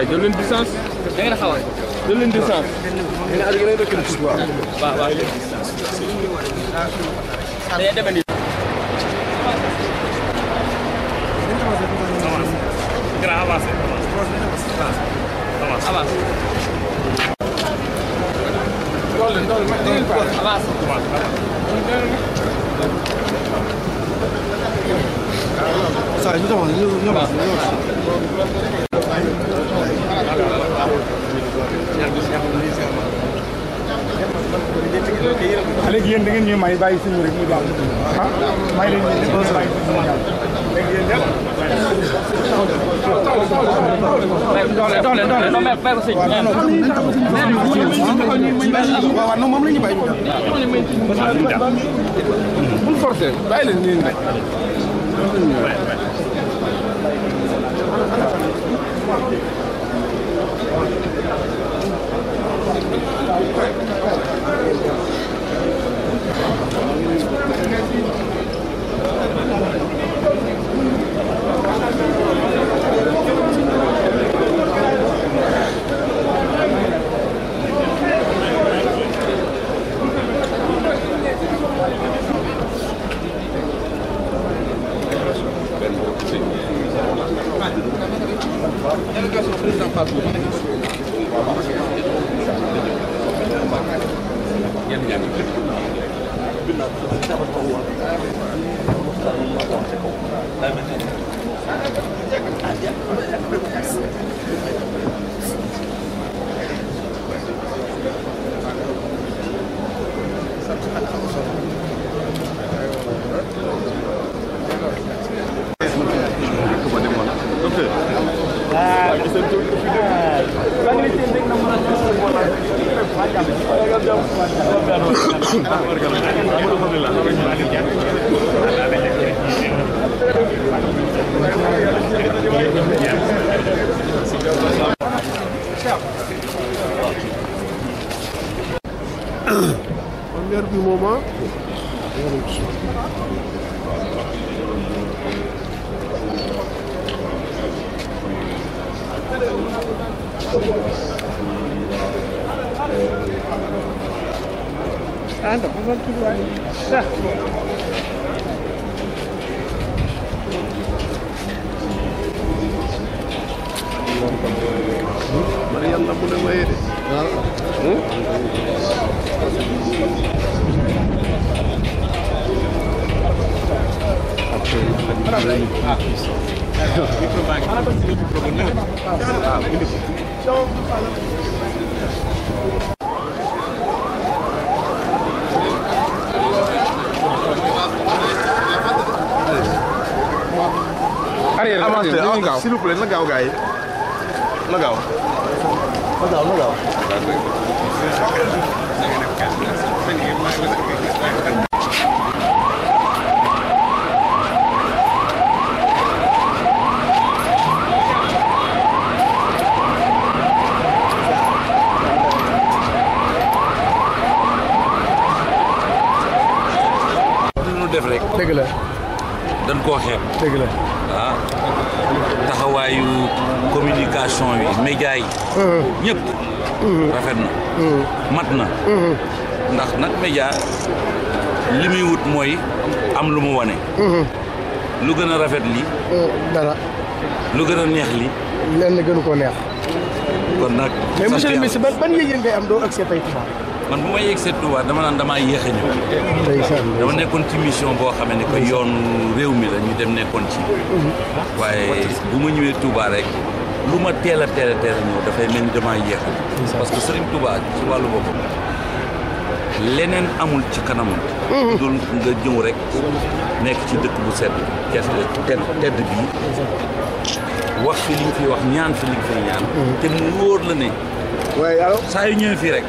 waaye jël leen distance. da ngeen a xaw a. jël leen distance. waaw waaw day demee nii. avancé avancé avancé. అలాగే ఎందుకని మేము మై బాయ్స్ మురికి మై moom la ñu bàyyi. bul forcer bàyyi leen nii nag. Thank you. Ele quer sofrer na patrulha. per du moment. Anda, vamos tudo aí. Tá. Mariana, mulher, Ah, isso. Para para seguir o problema. Ah, Então, falando. Allez, avancez, s'il vous plaît, le gars, le gars. Hold on, hold on. dëgg la. go koo Take dëgg taxawaayu communication bi média yi. Uh-huh. ñëpp. Uh-huh. rafet na. Uh-huh. mat na. ndax nag média li muy wut mooy am lu mu wane. lu gën a rafet li uh, dara. lu gën a neex li lenn gënu koo neex. kon nag. mais monsieur le ministre ban ban yëg-yëg ngay am doo ak say man bu ma yegsee Touba dama naan damaa yéex a dama nekkoon ci mission boo xamee ne que yoon réew mi la ñu dem nekkoon ci. waaye bu ma ñëwee Touba rek. lu ma teel a teel a teel a ñëw dafay mel ni damaa yéexal parce que Serigne Touba ci wàllu boppam leneen amul ci kanamam mhm. dul nga ñëw rek nekk ci dëkk bu sedd tedd tedd bii wax fi li wax ñaan fi ñaan mhm. te mu wóor la ne waaye saa yu ñëwee fii rek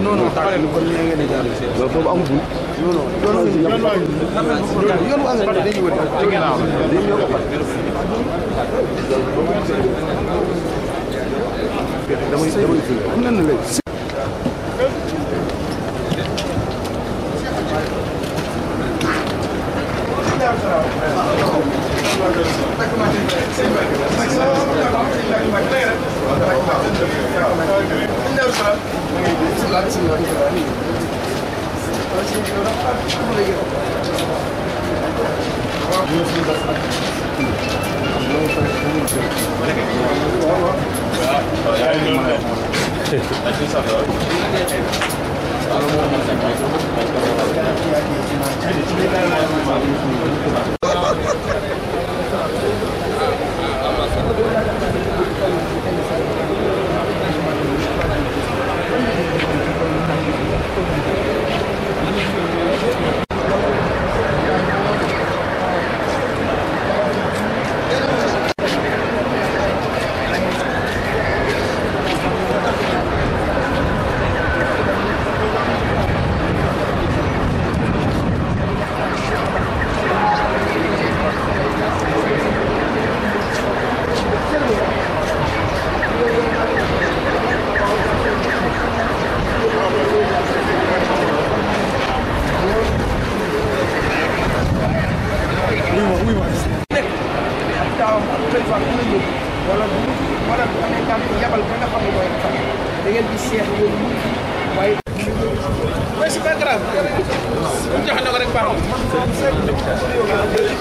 non non taxalee lu kon ñëwee ngeen di jaarale seen. loolu foofu amul. non non loolu si yoon bu engrais bi dañuy wër ci ginnaaw la dañuy yokk fa. damay damay fi am nañ la léegi.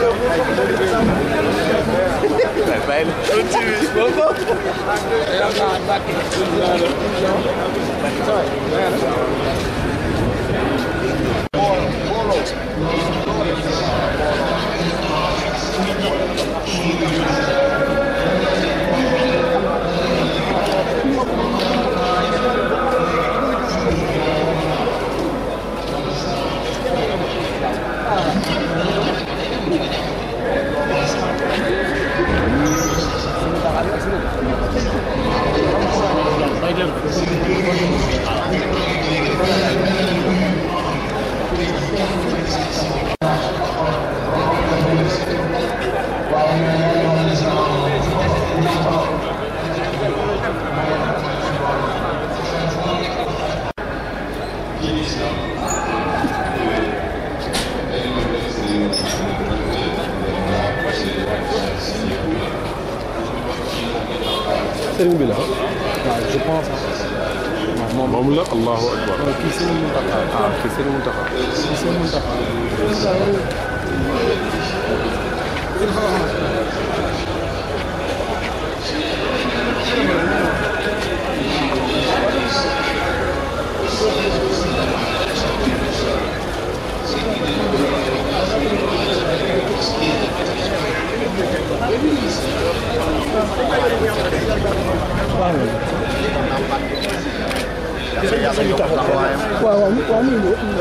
Like, man, don't I'm Sorry. sëriñ bi la. waaw je pense. moom moom la allahu akbar. kii sëriñ Mountakha. ah kii sëriñ Mountakha. kii sëriñ Mountakha. v a e Qua u n g quá n u y a s s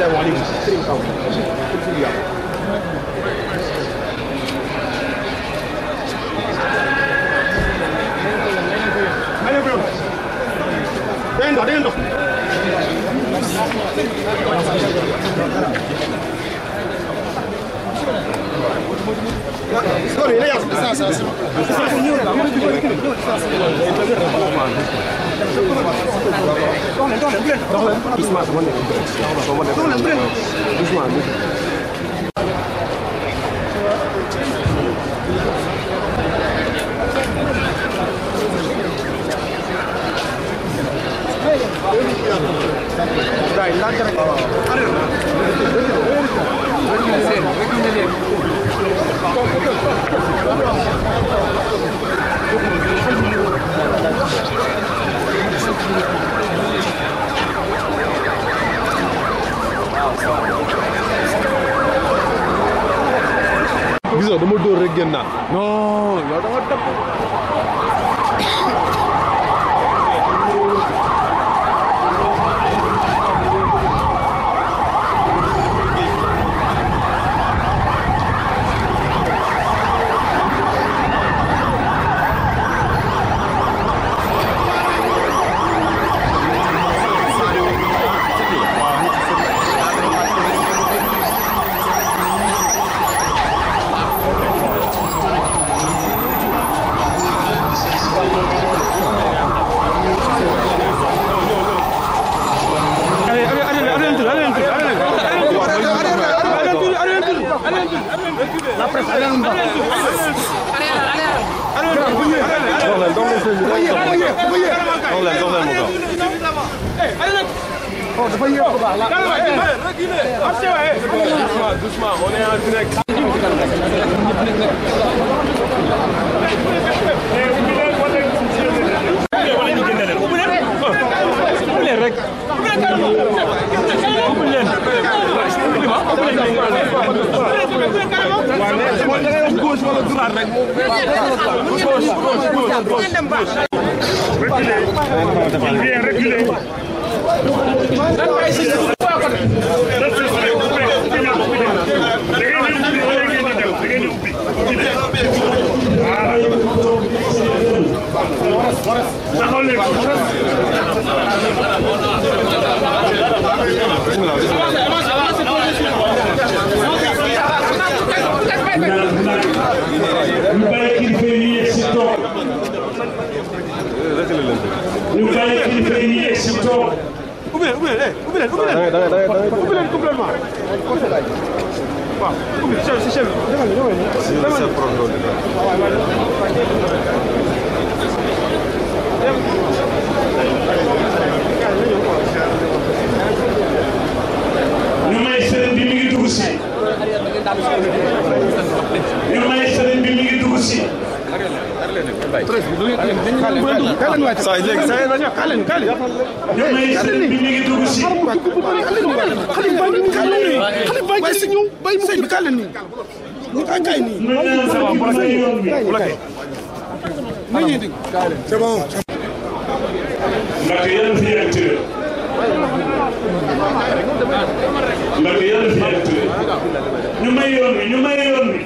a u r i Ousmane bu leen ñu bàyyi kilifa yi ñu egsi toog. ubbi leen ubbi leen ubbi leen ubbi leen. da ngay da ngay da ngay ubbi leen complètement. waaw ubbi chef si chef bi. demal nii demal nii. ñu may sëriñ bi mi ngi dugg si. ñu may sëriñ bi mi ngi dugg si. c'est bon. ndax yéen fi yegg tëjee. ndax yéen fi yegg tëjee. ñu may yoon wi ñu may yoon wi.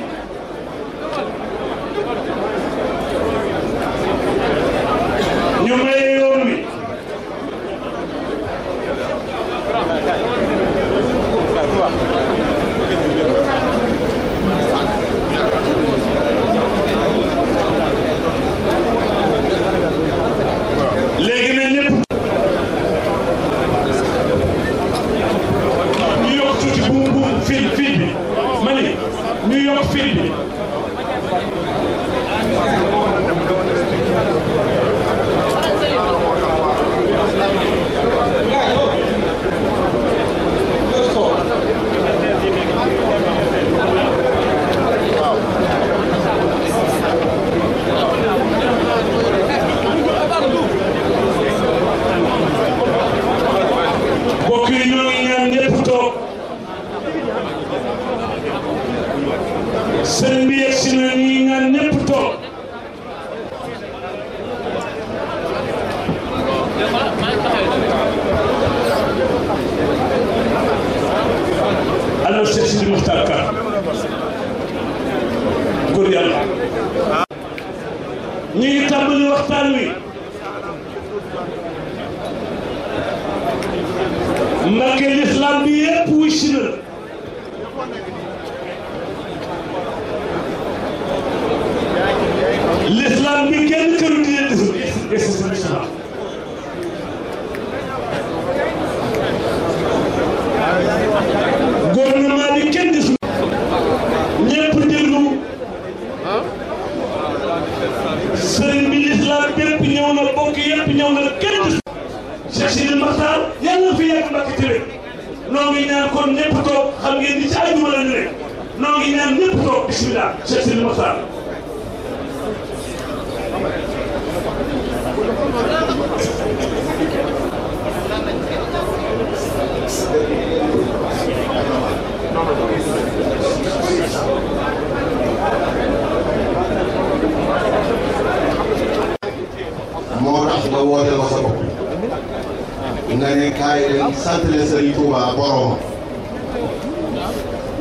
dañuy kaay leen sant leen Serigne Touba borom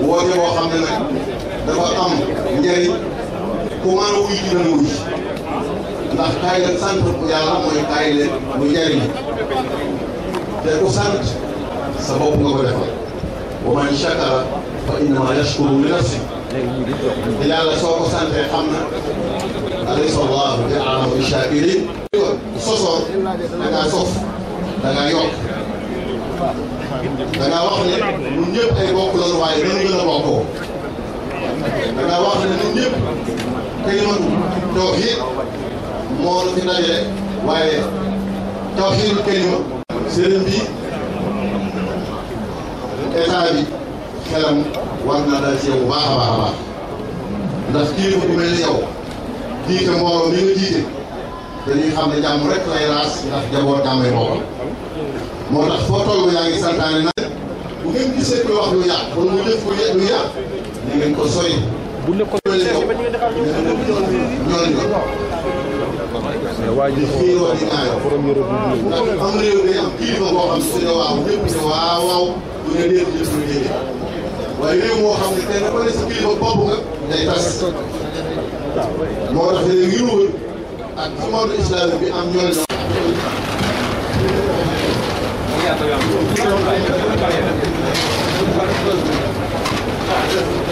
woote boo xam ne nag dafa am njëriñ ku mën a wuy dina wuy ndax kaay leen sant yàlla mooy kaay leen mu njëriñ te ku sant sa bopp nga ko defal wa man shakara fa innama yashkuru li nafsi te yàlla soo ko sante xam na alaysa allahu bi a'lamu bi shakirin sosoo da ngaa sof da ngaa yokk dangaa wax ne ñun ñëpp ay bokk lañu waaye dañu gën a bokkoo dangaa wax ne ñun ñëpp kalimatu tawhid moo la fi waaye tawhidul kalima sëriñ bi état bi xelam war na dal ci yow baax baax baax ndax kilifa bu mel ni yow jiite mbooloo mi nga jiite dañuy xam ne jàmm rek lay raas ndax jaboot jàmmay boppam moo tax foo toll yaa ngi santaane na bu ngeen gisee wax lu yàq wala mu def ko lu yàq na ngeen ko sori. bu ne ko ñooñu ko ñooñu ko. waa ji kii yoo di ñaayoo. am réew day am kilifa xam ne su ne waaw ñëpp ne waaw waaw bu ne léegi ñëpp ñu déedéet waaye réew moo xam ne kenn ku ne sa kilifa bopp nga day tas. moo tax léegi yu wër ak ci monde islamique bi am ñooñu. ありがとうございます。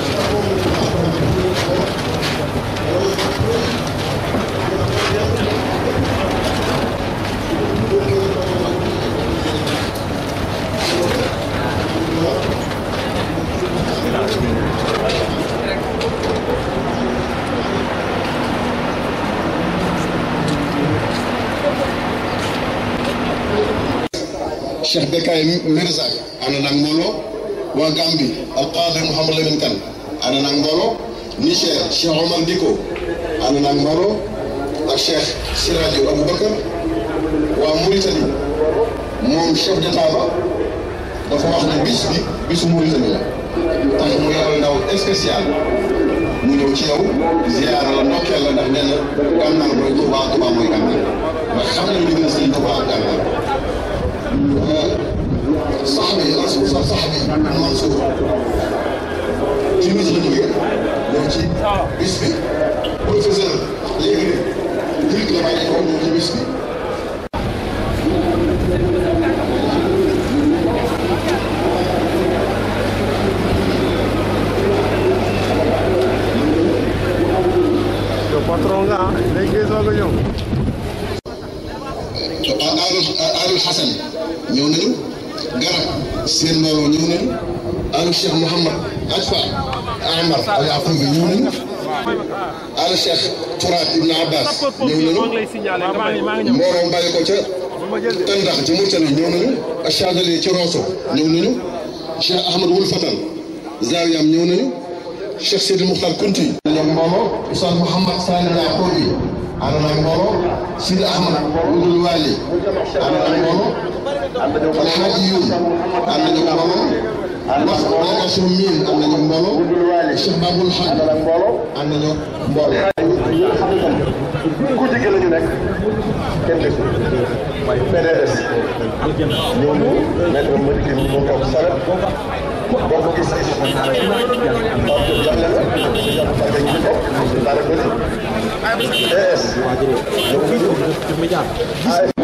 Cheikh Bekay yi ànd na ak mbooloo waa Gambie alqaadi Mouhamed Lamine Kane ànd na ak mbooloo Niger Cheikh Omar Diko ànd na ak mbooloo ak Cheikh Siradio Aboubacar waa Mauritanie moom chef d'état ba dafa wax ne bis bi bisu Mauritanie la tax ndaw spécial mu ñëw ci yow ziyaara la ndokkeel la ndax nee na gànnaar mooy Tuubaa Tuubaa mooy gànnaar ndax xam nañ li gën a sëñ Tuubaa ak صاحبي راسه صار صاحبي منصور تلميذ غنية نحكي باسمي بروفيسور ليغري كل كلام عليه عمره باسمي الشيخ محمد أدفع أعمر العفوي يوني على الشيخ تراب ابن عباس نيونو مورو مبالي كوتا تندخ جمهورتنا نيونو الشاذلي تيروسو نيونو الشيخ أحمد ولفتن زاويام نيونو الشيخ سيد المختار كنتي نيوم مورو أستاذ محمد سالم العقوبي أنا نمورو سيد أحمد ولد الوالي أنا نمورو الحاج يوم أنا نمورو Ah, ndax délégation miin am nañu mbooloo. Cheikh Babou Khane am nañu mbooloo. ku jigéen la ñu nekk kenn dégg may PDS ñoom maître Madické mi moo toog saret boo ko gis gis ndax jàlle la jàpp fàtte ñu ko dara bëri PDS ñoom ñu AFP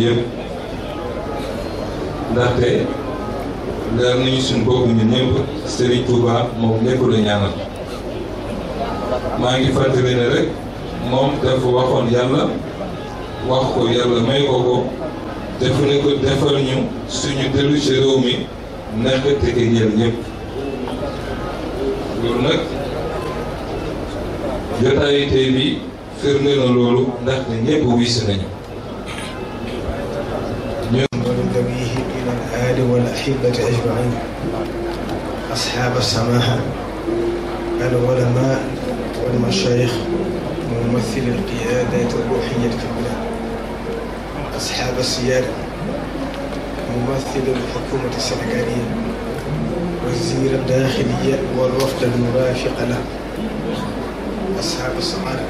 yëpp ndaxte leer nañu suñu bopp ñun ñëpp Serigne Touba moom lépp la maa ngi fàttali ne rek moom dafa waxoon yàlla wax ko yàlla may ko ko def ne ko defal ñu suñu dellu ci réew mi naka tëgg ñeel ñëpp loolu nag jotaayu tey bi firnde na loolu ndaxte ñëpp wis nañu. الأحبة أجمعين أصحاب السماحة العلماء والمشايخ ممثل القيادات الروحية في البلاد أصحاب السيادة ممثل الحكومة السنغالية وزير الداخلية والوفد المرافق له أصحاب السعادة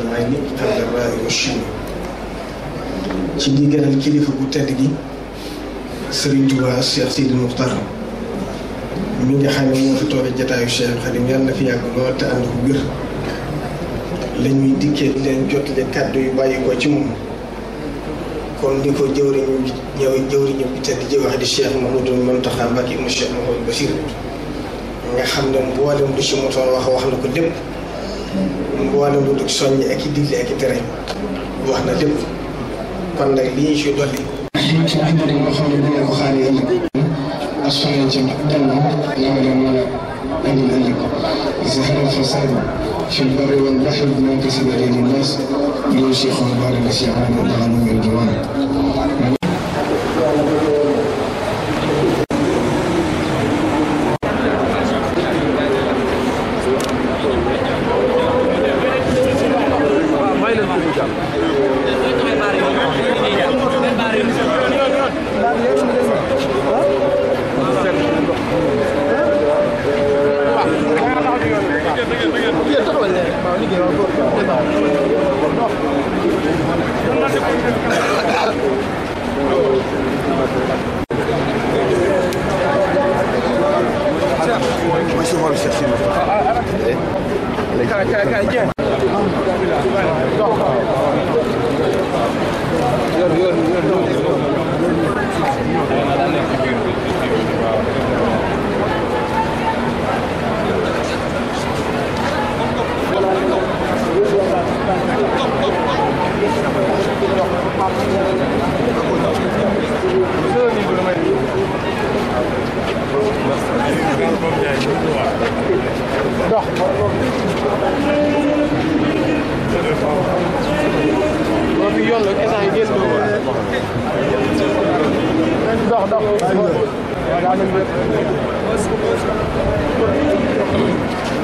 العيني قبل الرأي والشيء ci ndigalal kilifa Serigne Touba Cheikh Sidi Moukhtar mi nga xam ne moo fi toog jataayu Cheikh Khadim yàlla na fi yàgg lool te ànd ko gër la ñuy dikkee leen jotale kàddu yu bàyyi ko ci moom kon ni ko jëwriñu ñëw jëwriñu bi tedd ji wax di Cheikh Mouhamadou Mountakha Mbacké mu Cheikh Mouhamadou Bachir nga xam ne mboolem lu ci motoon wax wax na ko lépp mboolem lu du soññi ak i digle ak i tere wax na lépp kon nag li ñu ci dolli ci xajar yi nga xam ne dangeen ko xaar ëllëg ak soxla ci dem na nama leen mën a andil ëllëg zahara al-fasad fi al-barri wal-bahri bima kasabat aydi an-nas liyudhiqahum ba'da allazii 'amiluu la'allahum yarji'uun 你看，看，看，见了。Да. Abi yolla kesin hediyesi mi var? Dah dah. Yani